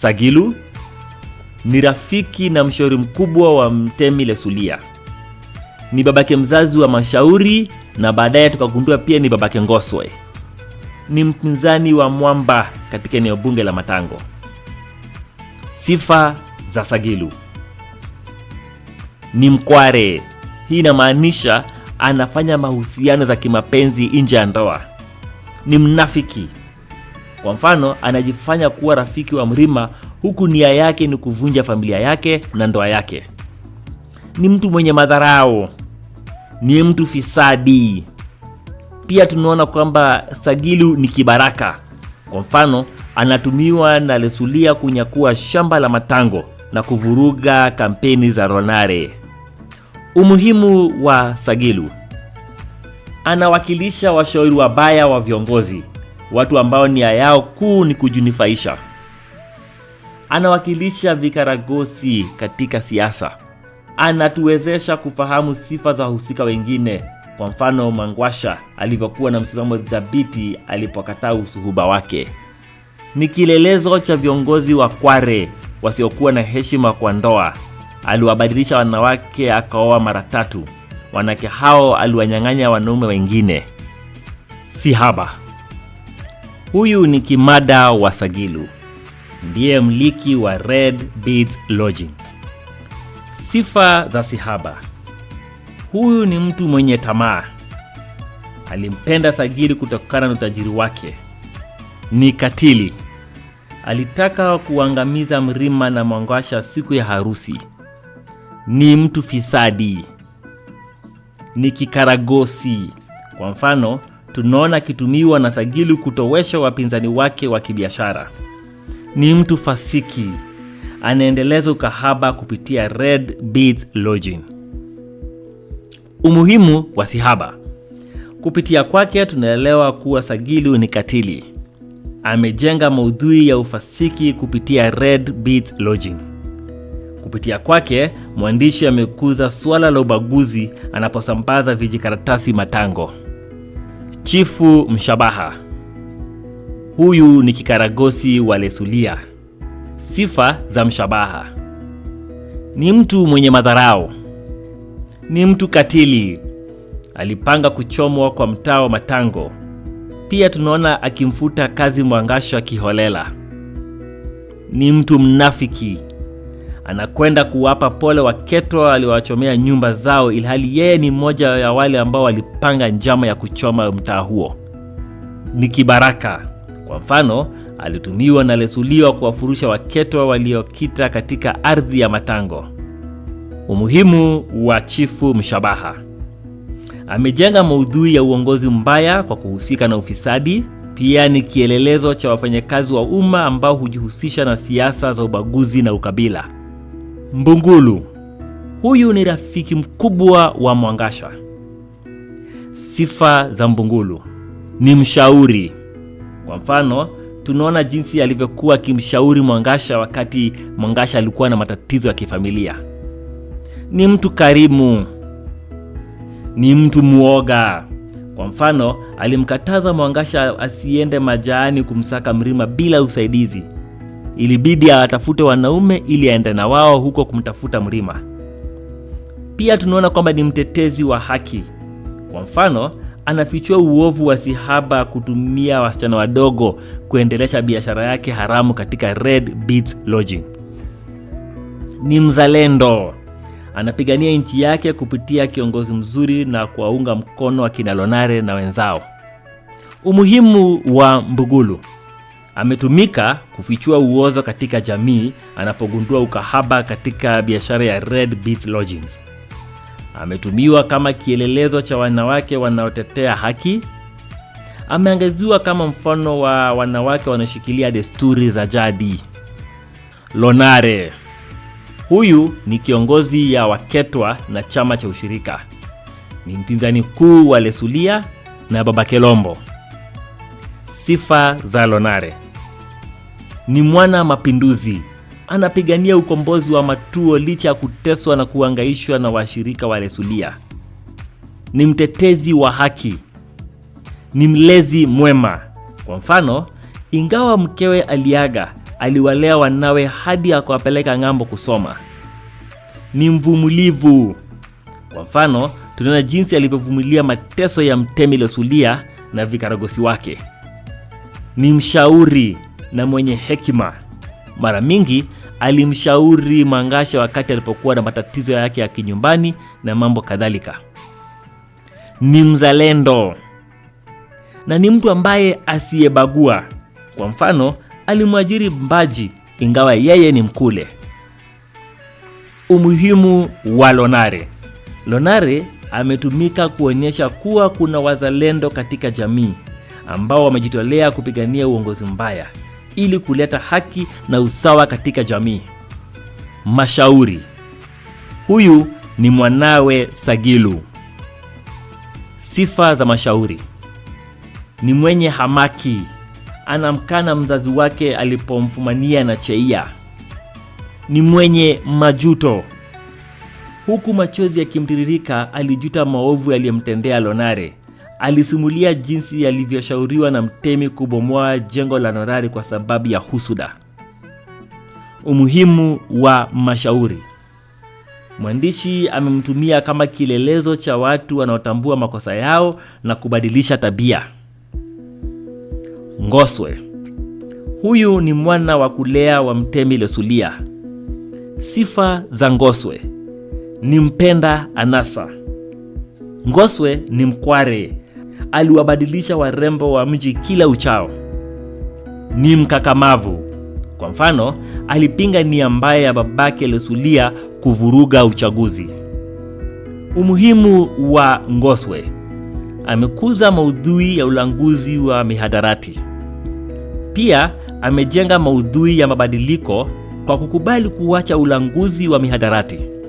Sagilu ni rafiki na mshauri mkubwa wa Mtemi Lesulia. Ni babake mzazi wa Mashauri na baadaye tukagundua pia ni babake Ngoswe. Ni mpinzani wa Mwamba katika eneo bunge la Matango. Sifa za Sagilu: ni mkware. Hii inamaanisha anafanya mahusiano za kimapenzi nje ya ndoa. Ni mnafiki kwa mfano, anajifanya kuwa rafiki wa Mrima huku nia yake ni kuvunja familia yake na ndoa yake. Ni mtu mwenye madharau, ni mtu fisadi. Pia tunaona kwamba Sagilu ni kibaraka. Kwa mfano, anatumiwa na Lesulia kunyakua shamba la matango na kuvuruga kampeni za Ronare. Umuhimu wa Sagilu: anawakilisha washauri wabaya wa viongozi watu ambao nia yao kuu ni kujinufaisha. Anawakilisha vikaragosi katika siasa, anatuwezesha kufahamu sifa za wahusika wengine. Kwa mfano, Mangwasha alivyokuwa na msimamo thabiti alipokataa usuhuba wake. Ni kilelezo cha viongozi wa Kware wasiokuwa na heshima kwa ndoa. Aliwabadilisha wanawake akaoa mara tatu. Wanawake hao aliwanyang'anya wanaume wengine. Si haba Huyu ni Kimada wa Sagilu, ndiye mliki wa Red Beat Lodgings. Sifa za Sihaba: huyu ni mtu mwenye tamaa, alimpenda Sagilu kutokana na utajiri wake. Ni katili, alitaka kuangamiza Mrima na mwangasha siku ya harusi. Ni mtu fisadi, ni kikaragosi. Kwa mfano, tunaona akitumiwa na Sagilu kutowesha wapinzani wake wa kibiashara. Ni mtu fasiki, anaendeleza ukahaba kupitia Red Beads Lodging. Umuhimu wa sihaba. Kupitia kwake tunaelewa kuwa Sagilu ni katili. Amejenga maudhui ya ufasiki kupitia Red Beads Lodging. Kupitia kwake mwandishi amekuza suala la ubaguzi anaposambaza vijikaratasi matango. Chifu Mshabaha, huyu ni kikaragosi wa Lesulia. Sifa za Mshabaha: ni mtu mwenye madharau, ni mtu katili, alipanga kuchomwa kwa mtao Matango. Pia tunaona akimfuta kazi Mwangasha kiholela. Ni mtu mnafiki anakwenda kuwapa pole Waketwa aliowachomea nyumba zao, ilhali yeye ni mmoja ya wale ambao walipanga njama ya kuchoma mtaa huo. Ni kibaraka kwa mfano alitumiwa na Lesuliwa kuwafurusha Waketwa waliokita katika ardhi ya Matango. Umuhimu wa Chifu Mshabaha. Amejenga maudhui ya uongozi mbaya kwa kuhusika na ufisadi. Pia ni kielelezo cha wafanyakazi wa umma ambao hujihusisha na siasa za ubaguzi na ukabila. Mbungulu huyu ni rafiki mkubwa wa Mwangasha. Sifa za Mbungulu ni mshauri. Kwa mfano, tunaona jinsi alivyokuwa akimshauri Mwangasha wakati Mwangasha alikuwa na matatizo ya kifamilia. Ni mtu karimu, ni mtu mwoga. Kwa mfano, alimkataza Mwangasha asiende Majaani kumsaka Mrima bila usaidizi ilibidi awatafute wanaume ili aende na wao huko kumtafuta Mrima. Pia tunaona kwamba ni mtetezi wa haki. Kwa mfano, anafichua uovu wa Sihaba kutumia wasichana wadogo kuendelesha biashara yake haramu katika Red Beach Lodging. Ni mzalendo, anapigania nchi yake kupitia kiongozi mzuri na kuwaunga mkono akina Lonare na wenzao. Umuhimu wa Mbugulu. Ametumika kufichua uozo katika jamii anapogundua ukahaba katika biashara ya Red Beach Lodgings. Ametumiwa kama kielelezo cha wanawake wanaotetea haki. Ameangaziwa kama mfano wa wanawake wanaoshikilia desturi za jadi. Lonare huyu ni kiongozi ya Waketwa na chama cha ushirika, ni mpinzani kuu wa Lesulia na Baba Kelombo. Sifa za Lonare: ni mwana mapinduzi, anapigania ukombozi wa Matuo licha ya kuteswa na kuangaishwa na washirika wa Lesulia. Ni mtetezi wa haki, ni mlezi mwema. Kwa mfano, ingawa mkewe aliaga, aliwalea wanawe hadi akawapeleka ng'ambo kusoma. Ni mvumulivu. Kwa mfano, tunaona jinsi alivyovumilia mateso ya mtemi Lesulia na vikaragosi wake ni mshauri na mwenye hekima. Mara mingi alimshauri Mangasha wakati alipokuwa na matatizo yake ya kinyumbani na mambo kadhalika. Ni mzalendo na ni mtu ambaye asiyebagua. Kwa mfano, alimwajiri Mbaji ingawa yeye ni Mkule. Umuhimu wa Lonare. Lonare ametumika kuonyesha kuwa kuna wazalendo katika jamii ambao wamejitolea kupigania uongozi mbaya ili kuleta haki na usawa katika jamii. Mashauri huyu ni mwanawe Sagilu. Sifa za Mashauri: ni mwenye hamaki, anamkana mzazi wake alipomfumania na cheia. Ni mwenye majuto, huku machozi yakimtiririka alijuta maovu aliyemtendea Lonare alisimulia jinsi yalivyoshauriwa na mtemi kubomoa jengo la Norari kwa sababu ya husuda. Umuhimu wa mashauri. Mwandishi amemtumia kama kielelezo cha watu wanaotambua makosa yao na kubadilisha tabia. Ngoswe huyu ni mwana wa kulea wa mtemi Lesulia. Sifa za Ngoswe ni mpenda anasa. Ngoswe ni mkware aliwabadilisha warembo wa mji kila uchao. Ni mkakamavu. Kwa mfano, alipinga nia mbaya ya babake aliyosulia kuvuruga uchaguzi. Umuhimu wa Ngoswe. Amekuza maudhui ya ulanguzi wa mihadarati. Pia amejenga maudhui ya mabadiliko kwa kukubali kuacha ulanguzi wa mihadarati.